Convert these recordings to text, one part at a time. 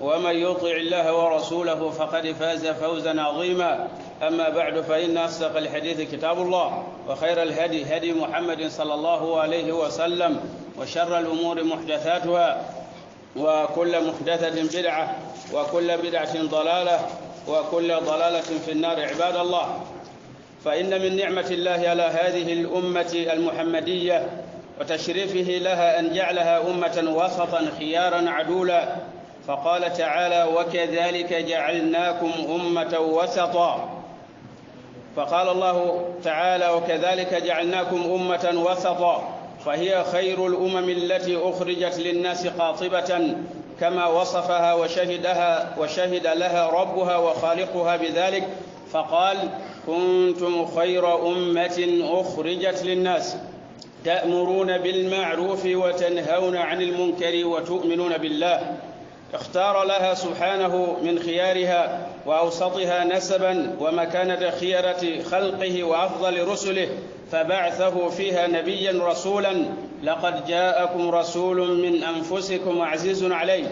ومن يطع الله ورسوله فقد فاز فوزا عظيما أما بعد فإن أصدق الحديث كتاب الله وخير الهدي هدي محمد صلى الله عليه وسلم وشر الأمور محدثاتها وكل محدثة بدعة وكل بدعة ضلالة وكل ضلالة في النار عباد الله فإن من نعمة الله على هذه الأمة المحمدية وتشريفه لها أن جعلها أمة وسطا خيارا عدولا فقال تعالى وكذلك جعلناكم امه وسطا فقال الله تعالى وكذلك جعلناكم امه وسطا فهي خير الامم التي اخرجت للناس قاطبه كما وصفها وشهدها وشهد لها ربها وخالقها بذلك فقال كنتم خير امه اخرجت للناس تامرون بالمعروف وتنهون عن المنكر وتؤمنون بالله اختار لها سبحانه من خيارها وأوسطها نسبا ومكانة خيرة خلقه وأفضل رسله فبعثه فيها نبيا رسولا لقد جاءكم رسول من أنفسكم عزيز عليه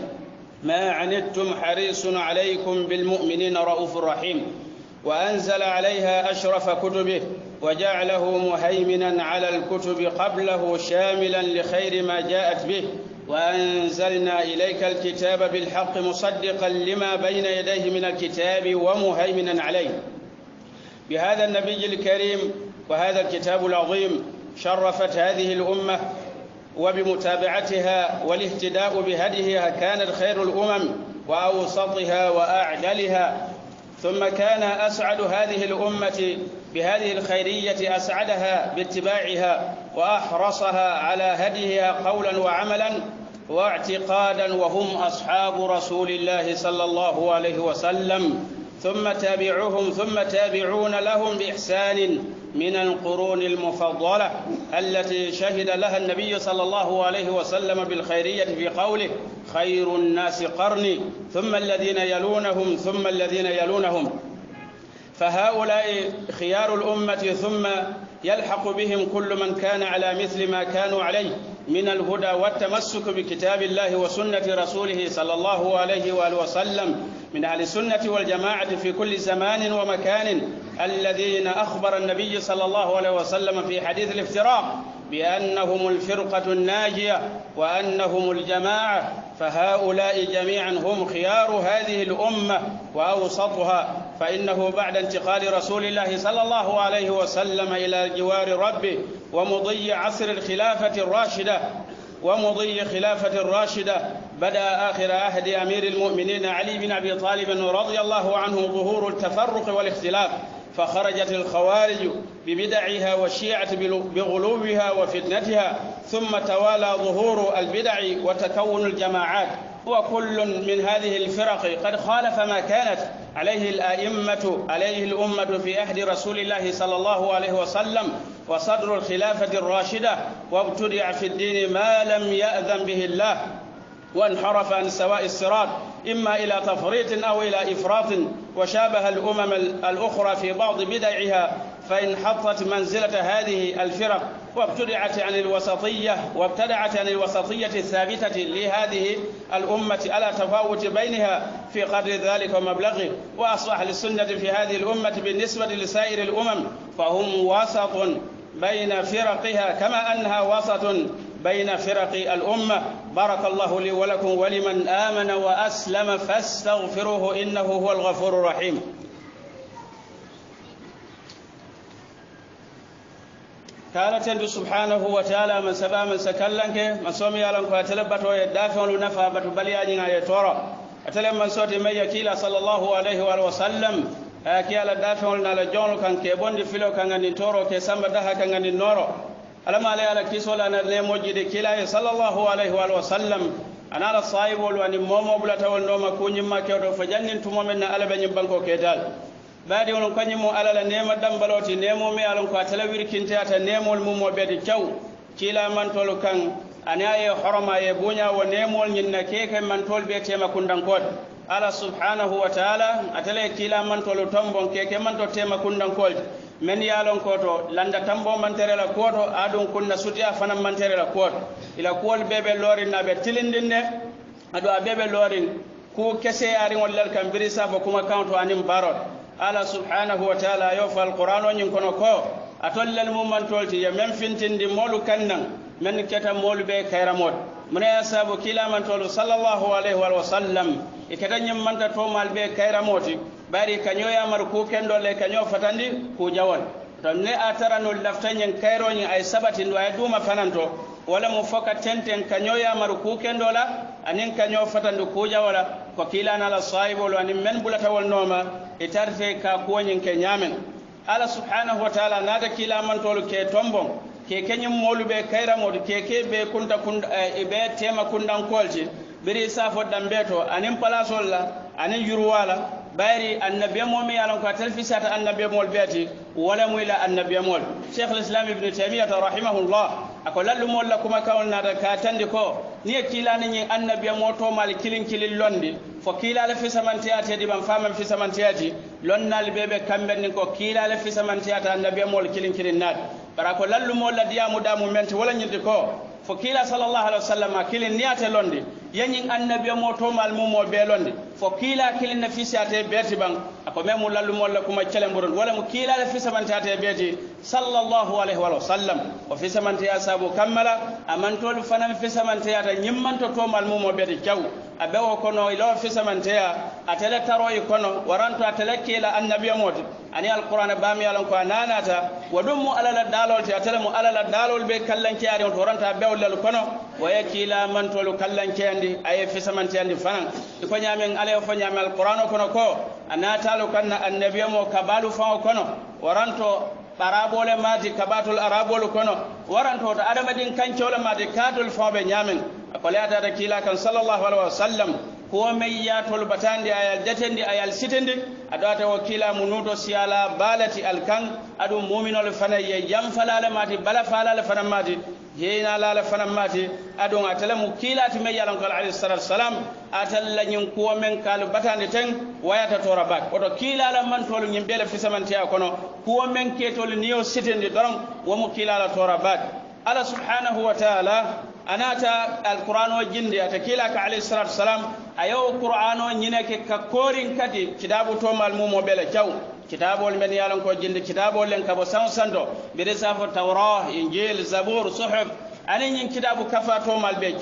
ما عنتم حريص عليكم بالمؤمنين رؤوف رحيم وأنزل عليها أشرف كتبه وجعله مهيمنا على الكتب قبله شاملا لخير ما جاءت به وأنزلنا إليك الكتاب بالحق مصدقا لما بين يديه من الكتاب ومهيمنا عليه بهذا النبي الكريم وهذا الكتاب العظيم شرفت هذه الأمة وبمتابعتها والاهتداء بهديها كانت خير الأمم وأوسطها وأعدلها ثم كان أسعد هذه الأمة بهذه الخيرية أسعدها باتباعها وأحرصها على هديها قولا وعملا واعتقادا وهم أصحاب رسول الله صلى الله عليه وسلم ثم تابعوهم ثم تابعون لهم بإحسان من القرون المفضلة التي شهد لها النبي صلى الله عليه وسلم بالخيرية في قوله خير الناس قرني ثم الذين يلونهم ثم الذين يلونهم فهؤلاء خيار الأمة ثم يلحق بهم كل من كان على مثل ما كانوا عليه من الهدى والتمسك بكتاب الله وسنة رسوله صلى الله عليه وآله وسلم من أهل السنة والجماعة في كل زمان ومكان الذين أخبر النبي صلى الله عليه وسلم في حديث الافتراق بأنهم الفرقة الناجية وأنهم الجماعة فهؤلاء جميعا هم خيار هذه الأمة وأوسطها فإنه بعد انتقال رسول الله صلى الله عليه وسلم إلى جوار ربه ومضي عصر الخلافة الراشدة ومضي خلافة الراشدة بدأ آخر عهد أمير المؤمنين علي بن أبي طالب رضي الله عنه ظهور التفرق والاختلاف فخرجت الخوارج ببدعها والشيعة بغلوبها وفتنتها ثم توالى ظهور البدع وتكون الجماعات هو كل من هذه الفرق قد خالف ما كانت عليه الأئمة عليه الأمة في عهد رسول الله صلى الله عليه وسلم وصدر الخلافة الراشدة وابتدع في الدين ما لم يأذن به الله وانحرف عن سواء الصراط إما إلى تفريط أو إلى إفراط وشابه الأمم الأخرى في بعض بدعها فإن حطت منزلة هذه الفرق وابتدعت عن الوسطية وابتدعت عن الوسطية الثابتة لهذه الأمة على تفاوت بينها في قدر ذلك ومبلغه وأصبح للسنة في هذه الأمة بالنسبة لسائر الأمم فهم وسط بين فرقها كما أنها وسط بين فرق الأمة بارك الله لي ولكم ولمن آمن وأسلم فاستغفروه إنه هو الغفور الرحيم تعالت سبحانه وتعالى من سبا من سكلنك ما سوم يالن كاتلبتو يدافع النفع بتبلي اجنا يتورا اتلم من صوت ما يكيل صلى الله عليه واله وسلم اكي على دافع لنا لجون كان كيبون دي فيلو كان ني تورو كي سمبا دها كان ني نورو علم عليه على كيسولا نرمو جدي كيلا صلى الله عليه واله وسلم انا الصايب والوان مومو بلا تاول نوما كوني ما كيو دو فجانن تومو من البن بانكو كيتال baadi onon kañummo alala e nema ɗambaloti nemomi alon ko a tala wirkinteyata nemol mum o ɓeede kew kiilamantol kan ani a ye horoma ye buña wo nemol ñinna keke mantol ɓeetema kundankoɗe ala subhanahu wa taala atala e kiilamantolo tombon keke manto tema kundankolde men ko to landa tambo mantere la koto aɗum kunna sutiya fana mantere la koto ila kuwol ɓeɓe lorin naɓe tilindinne aɗo a ɓeɓe lorin ku kese ari lel kam birisa fo kuma kanto anin barot ala subhanahu wa taala yo fal qur'ano nyin kono ko atollal mum man tolti ya mem fintindi molu kannan men keta molu be kayramot mune ya sabu kila man tolu sallallahu alaihi wa sallam e keta nyim manta to mal be kayramoti bari kanyo ya mar ku kendo le kanyo fatandi ku jawon tan ne atara no kayro kayronyi ay sabati ndo ay duma fananto wala mu foka tenten kanyo ya mar ku kendo la anin kanyo fatandi ku jawala ko kilana ala sahibo lo anin men bulatawol nooma e tarte ka kuwoñin ke ñaamen ala subhanahu wa taala naata kilamantolu ke tombon ke keñin moolu be kayraŋodu keke ɓe kunta kund ɓe eh, tema kundankolti biri safo dambe to anin palasol la anin yurwala bayri annabiyamol mi yalon ko a telfisata annabiyamol beeti wala muyla annabiyamol cheikh l'islam ibnu taimiyata rahimahullah a ko lallumol la kuma kawol naata ka tandi ko ni ye kilani ñin annabiyamo tomal kilin kilin londi fo kiilale fisamantiyati hedi ɓan faman fisamantiyati lonnali ɓe ɓe kamɓen nin ko kiilale fisamantiyata annabiyamol kilin kilin naati bara ko lallumol la diyamu damu mente wala ñirde ko fo kiila sallllahu alih wa sallam a kilin niyate londe yañin annabiya mo tomal mum o فكيلا كل النفيس ياتي بيتي بان اكمي مولا لمولا كما تشلم برون ولا مكيلا النفيس من تاتي بيتي صلى الله عليه وآله وسلم وفي سمن تي اسابو كملا امن تول في سمن تي ياتي نيمن تو تو مو بيتي جاو ابي وكونو يلو في سمن تي اتل ترو يكونو ورانتو اتل كيلا النبي موت اني القران بامي يالون كو ناناتا ودوم على الدالول تي مو على الدالول بي كلان تي ياري بيو لالو كونو ويكيلا من تول كلان تي اي في سمن اندي فنان ala yo fo ñaami alqur'ano kono ko a naatalu kanna annabiya mo kabalu faŋo kono waranto arabole maati kabatol arabolu kono waranto to adamadin kancole maati katol faŋo ɓe ñaamen a koleyatata kiila kan sallllahu alahi wa sallam kuwo men yatol batandi ayal jatendi ayal sitendi aɗowata wo kiilamu nuto siyala baalati alkan aɗum muminole fana ye yam falale maati bala falale fana maati heenalale fana maati adon atala mu kila ti me yalan kala alayhi salatu wassalam atalla nyin kuwa men kal batande ten wayata tora bak oto kila la man tolu nyin bele fisamantiya kono kuwa men ketol niyo sitende doron wo mu kila la tora bak ala subhanahu wa ta'ala anata alquran o jinde ata kila ka alayhi salatu wassalam ayo qur'an o nyine ke ka korin kadi kitabu to mal mum mo bele jaw kitabol men yalan ko jinde kitabol len kabo sansanto bide safo tawra injil zabur suhuf anin yin kitabu to malbe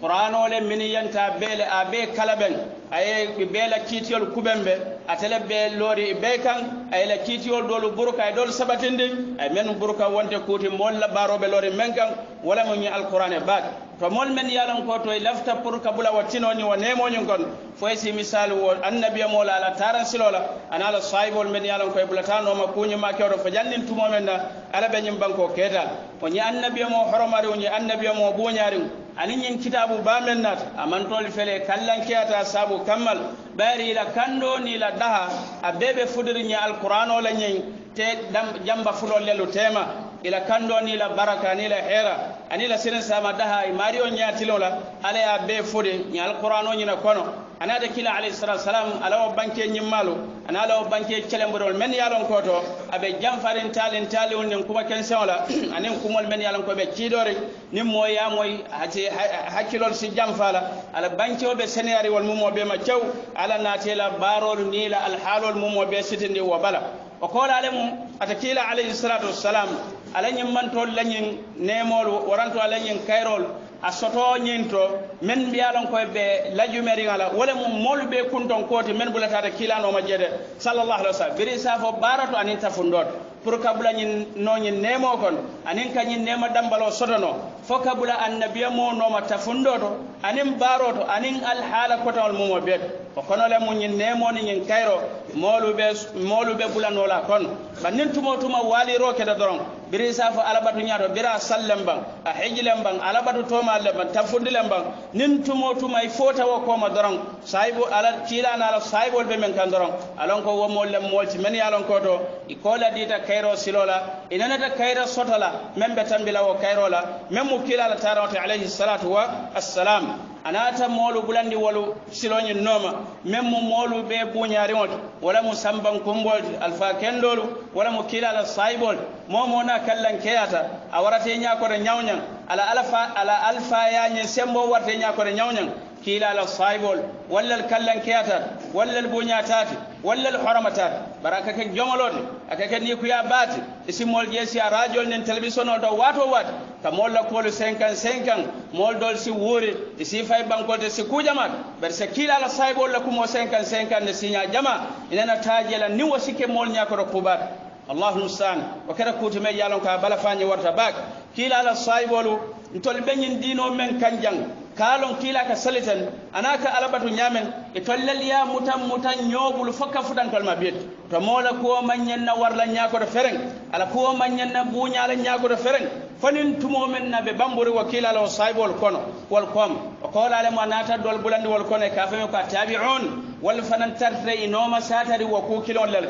qur'ano le min yanta bele a be kalaben aye bi bele kitiyol kubembe atele be lori be kan aye le kitiyol dolu buruka ay dolu sabatindi ay men buruka wonte kuti mol la barobe lori men kan wala mo yi alqur'ane bak to mol men yalan ko to e lafta pour kabula watino ni wanemo ni gon foy e si misal wo mo la ala taran silola ana ala saibol men yalan ko e bulatano ma kunyi ma kyoro fa tumo men da ala be nyim banko keta on ni annabiya mo horomari on ni annabiya mo bunyari ani nyin kitabu ba men nat aman tol fele kallan kiyata sabu kammal bari la kando ni la daha abebe fudiri ni alqur'ano la nyin te jamba fulol lelu tema ila kando ni la baraka ni la hera ani la sirin sama daha mariyo nya la ala ya be fode nya alqur'ano nyina kono ana da kila alayhi salatu salam ala banke nyimmalu ana ala banke celemborol men yalon koto abe jamfarin talin talin nin kuma ken sewla anin kumol men yalon ko be kidore ni moy ya moy hati hakilol si jamfala ala banke be senari wal mumo be ma cew ala natela barol nila alhalol mumo be sitindi wa bala وقال عليهم أتكيل عليه الصلاة والسلام ala ñiŋ mantolu nemol, ñiŋ neemoolu waranto ala ñiŋ kayroolu a soto ñiŋ to meŋ be be lajumeriŋa la wo le mu moolu be kuntoŋ kooti meŋ bulataata kiilaanoo ma jee de sallallahu alaihi wa sallam biri saa fo baarato aniŋ pour kabula ñin noñin nemo kon anin kañin nema dambalo sodono fo kabula annabiya mo noma tafundo to anin baro to anin alhaala kotowol mumo beeto ko kono le mo ñin nemo ni ñin kayro molu be molu be bula bulanola kono bannin tumo tuma waaliro da doron biri safo alabatu ñaato bira sallam bang a hijilen bang alabatu le ban tafundilen bang nin tumo tuma i ko ma doron saibu ala ala sayibol be men kan doron alon ko wo mo le mo ci men yalon ko to i kola dita kay kayro silola inanata kayra sotala men be tambila wo kayrola men mu kilala tarawte alayhi salatu wa assalam anata moolu bulandi wolu siloñin nooma men mu moolu be buñariŋol wala mu sambankumbol alfa kendolu wala mu kilala sayibol momo na kallankeyata a warate ñakore ñawñaŋ ala alfa ala alfayañin sembo warte ñakore ñawñaŋ kiilala sayibol walla l kallankeyata walla l buñatati walla l horomataati bara kake a akake ni kuya bati isi mol jeesi a radiol nen télévision o wato wat ta ka la kuwolu cinquan cinquan dol si wuri isi fay bankolte si bari se kila la saybol la kumo senkan cinquan ne sinya jama inena taaje la niŋ ke sikke mool ñakoto kubaat allahu allah wo wa kuutume ye me lon ka bala fanyi warta bak kila la saybolu ntol be ñin diinoo meŋ kan kalon kila ka salitan anaka alabatun yamen itollal e ya mutan mutan nyobul fakka fudan kalma biet to mola ko manyen na warla nyako da fereng ala ko manyen na bunya la nyako da fereng fanin tumo men na be bambori wakila la saibol kono wal kom o ko la le manata dol bulandi wal kono ka fami ko tabi'un wal fanan inoma satari wa kilon lal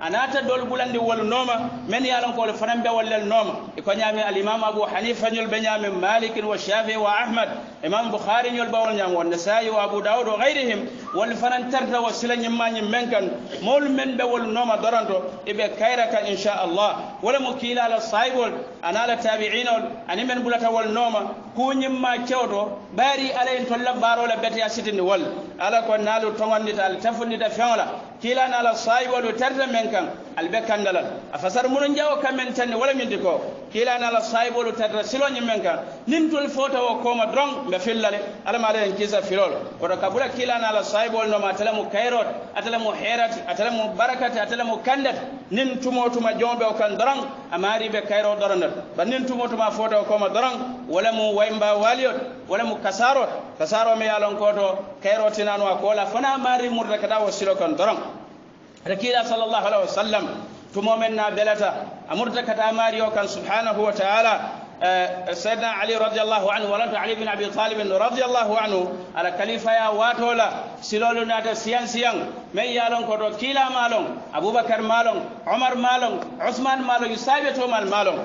anata dol bulandi wol noma men yalan ko fanan be wallal noma e ko nyame al imam abu hanifa nyol be nyame malik wa shafi wa ahmad imam bukhari nyol bawol nyam won nasai wa abu daud wa ghayrihim wal fanan tarda wa silan nyam manyam men kan mol men be wol noma doranto e be kayra kan insha allah wala mukila ala saibol anala tabi'in ani men bulata wol noma ko nyam ma cewdo bari ala en tolla baro la beti asitin wol ala ko nalu tongandi tal tafundi da fewla kilana la sahibu wal tarta men kan albe kangalal afasar munun jawo kamen tanne wala min diko kila na la saibolu tadra silo nyimen kan nin tul foto wo koma drong be fillale ala ma len kisa filol koto kabula kila na la saibol no ma talamu kairot atalamu herat atalamu barakat atalamu kandat nin tumo tuma jombe o kan drong amari be kairo doronal ban nin tumo tuma foto wo koma drong wala mu waymba waliot wala mu kasarot kasaro me yalon koto kairo tinano akola fana mari murda kada wo silo kan drong ركيلا صلى الله عليه وسلم تمومنا بلتا أمرت كتا ماريو كان سبحانه وتعالى آه، سيدنا علي رضي الله عنه ولنت علي بن أبي طالب رضي الله عنه على كليفة يا واتولا silolu nata siyan siyan mai yalon koto kila malon abubakar malon umar malon usman malon yusabe to mal malon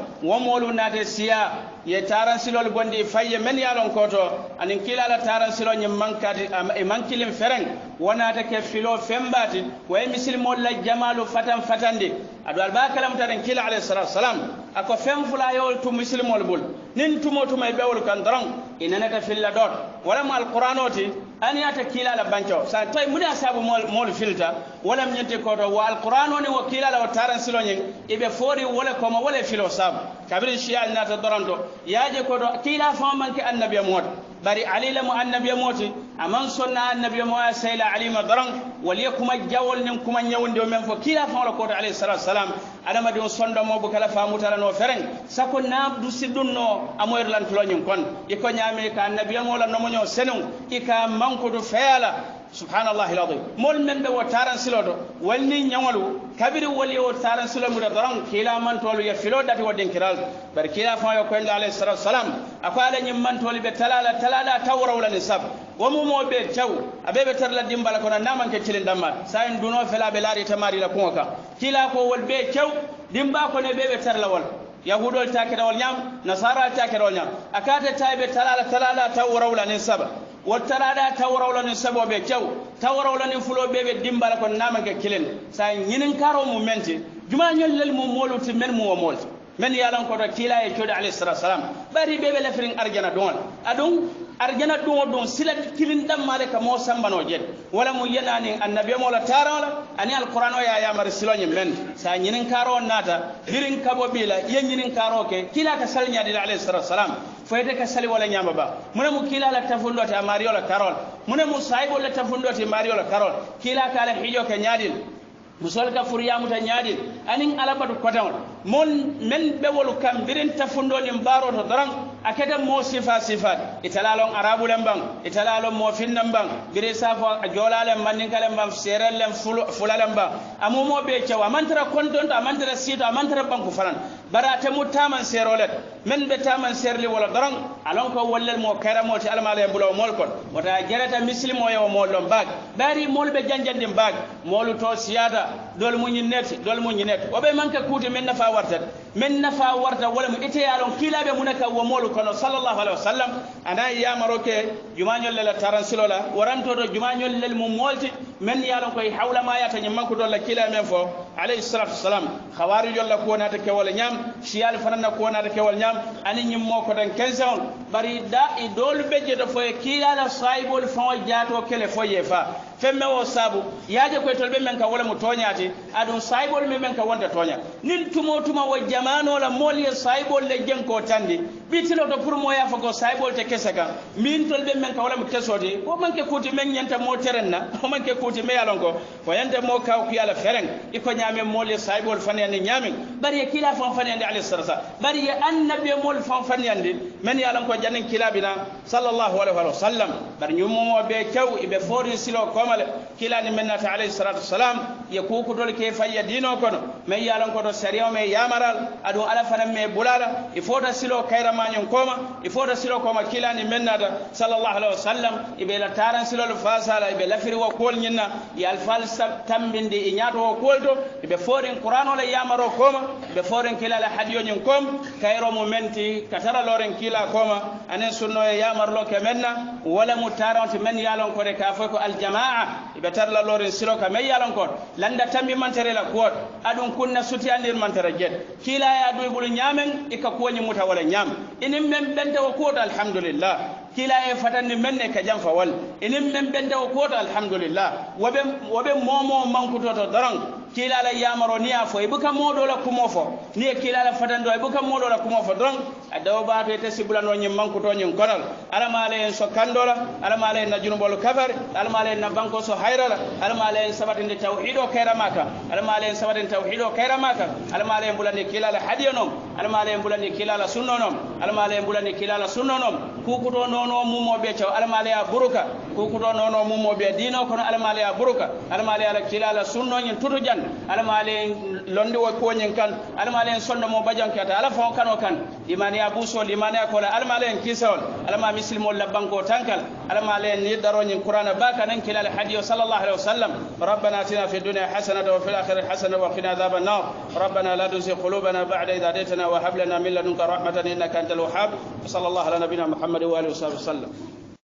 na nata siya ye taran silol bondi faye men yalon koto anin la taran silol nyim mankati e mankilin fereng wonata ke filo fembati way misil la jamalu fatan fatande adu albakalam taran kila alayhi salatu wassalam ako fem fula yol tu misilmol bul nin tumo tuma bewol kan dron inanata filla dot wala ma qur'anoti ani ata kila la bancho sa toy mun asabu mol mol filta wala mnyente ko to wal qur'an woni wakila la taran silo nyen ibe fori wala ko ma wala filo sabu kabiri siya nata doronto yaje ko do kila fama manke annabiya mota bari ali la mu annabiya moti aman sonna annabiya mo sayla ali ma doron wali kuma jawol nin kuma nyawndi o men fo kila fama ko to alayhi salatu wassalam adama de sondo mo bu kala famu tala no feren sako na du siddun no amoyr lan tulo nyin kon iko nyame ka annabiya mo la no mo nyo senu ika manko do feyala subhanallah alazim mol men be wo taran silodo walni nyawol kabiri wali wo taran silo mu daran kila man tolu ya filo dati wadin kiral bar kila fa yo ko inda alayhi salatu salam akala nyim man tolu be talala talala tawra wala nisab wo mu mo be taw abe be tarla dimbala kono naman ke cilin damma sayin duno fela be lari tamari la kunka kila ko wol be taw dimba ko ne be be tarla wal yahudol takerewol ñam nasara takerewol ñam akata tayɓe talala talala taw rawla nin saba wottaraɗa tawrawlanin saboɓe kew tawrawlanin fulo bebe dimbala ko namanke kilen sa ñinin karo mu menti juma ñollel mum moluti men mu o molti men yalan koto kiila e da alayhi salatu salam ɓari ɓeɓe lefirin arjana don adon arjana don don sila kilin ɗammade ka mo sambano jeet wala mum yenani annabi mola wala ani alquran o ya silo siloñe men sa ñinin karo nata birin kabo bila ye ñinin karo ke kila ka salñaɗiɗa alayhi salatu salam fayde ka sali wala ñama ba mune mu kila la tafundote a mario la karol mune mu sahibol la tafundote mario la karol kila ka hijo ke ñaadil musol ka furiyamuta ñaadil anin alabatu koteŋol من من بولو كم برين تفندون يمبارو تدران أكيد مو صفة صفة إتلالون عربو لنبان إتلالون موفين لنبان برين سافا جولا لنبان نينك لنبان سيرا لنفل فلا لنبان أمو مو بيتشوا أمان ترى كونتون أمان ترى سيتو أمان ترى بانكو فلان برات مو تامن سيرولت من بتامن سيرلي ولا دران ألون كو ولل مو كرم مو تعلم عليهم بلو مولكون وتا جرت مسلم مو يو مولون باك باري مول بجانجان دين مولو تو سيادة دول مو نينت دول مو نينت وبي مانك كوتي من نفا ورد من نفا ورد ولم اتيالون كلا بمنك ومولو كنو صلى الله عليه وسلم انا يا مروك جمانيو للا ترانسلولا ورمتو دو جمانيو للمولت من يالون كي حول ما يتنمكو دولا كلا منفو عليه الصلاة والسلام khawari yolla ko na ta kewal nyam siyal fanana ko na ta kewal nyam ani nyim mo ko dan kenson bari da i dol beje da foye kila la saibol fon jato kele foye fa femme wo sabu yaje ko tolbe men ka wala mu tonyati adun saibol men men ka wonta tonya nin tumo tuma wo jamano la moli saibol le jen ko tandi bitilo to pour moya fa ko saibol te kese kan min tolbe men ka wala mu kesodi ko manke kuti men nyanta mo terenna ko manke kuti me yalon ko ko yanta mo kaw kiyala fereng iko nyame moli saibol fane fanfanyandi ñaamin bari ye kila fanfanyandi alayhi salatu wasalam bari ye annabi mol fanfanyandi men ye alan ko janin kila bina sallallahu alaihi wa sallam bari ñummomo be kew ibe forin silo komale kilani men nata alayhi salatu wasalam ye kukutol ke fayya dino kono men ye alan ko to sariyo me yamaral aɗum ala fanan me bulala il faut ta silo kayramañon koma il faut ta silo koma kilani men nata sallallahu alaihi wa sallam ibe la taran silol fasala ibe lafiri wa kol ñinna ye alfal tambindi i ñaato wo kol to ibe forin qouran ola yamaro koma ɓe foren kilala haɗiyoñin kom kayro mu menti katara loren kila koma anen sunno e yamarlo ke men na wala mu tarawte men yalonkore ka foy ko aljamaa ɓe tarla loren siro ka men yalonkon landa tambi mantere la kuwot adun kunna sutiyandir mantere jet kilaya duy ɓulu ñamen ikka kuwoñi muta wala ñam inin men ɓenta ko kuwoto alhamdulillah kila e fatanni men ne ka jam fawal inin men ɓenta ko kuwoto alhamdulillah woɓe woɓe momo mankutoto doron kila la yamaro ni afo buka modo la kumofo ni kila la fatando buka modo la kumofo don adaw ba to te sibula no nyi manko to nyi konal ala male en so kandola ala male en najun bolu kafar ala male en banko so hayrala ala male en sabatin de tawhido kayramaka ala male en sabatin tawhido kayramaka ala male en bulani kila la hadiyonom ala male en bulani kila la sunnonom ala male en bulani kila la sunnonom kukuto nono mumo be taw ala male ya buruka kukuto nono mumo be dino kono ala male ya buruka ala male ala kila la sunno nyin tutujan ala malen londi wo koñin kan ala malen sonno mo bajan kata ala fon kano kan imaniya busol imaniya kola ala malen kisol ala ma mislimol la banko tankal ala malen ni daroñin qur'ana ba kanen kilal hadiyo sallallahu alaihi wasallam ربنا اتنا في الدنيا حسنه وفي الاخره حسنه وقنا عذاب النار ربنا لا تزغ قلوبنا بعد إذ هديتنا وهب لنا من لدنك رحمه انك انت الوهاب صلى الله على نبينا محمد واله وصحبه وسلم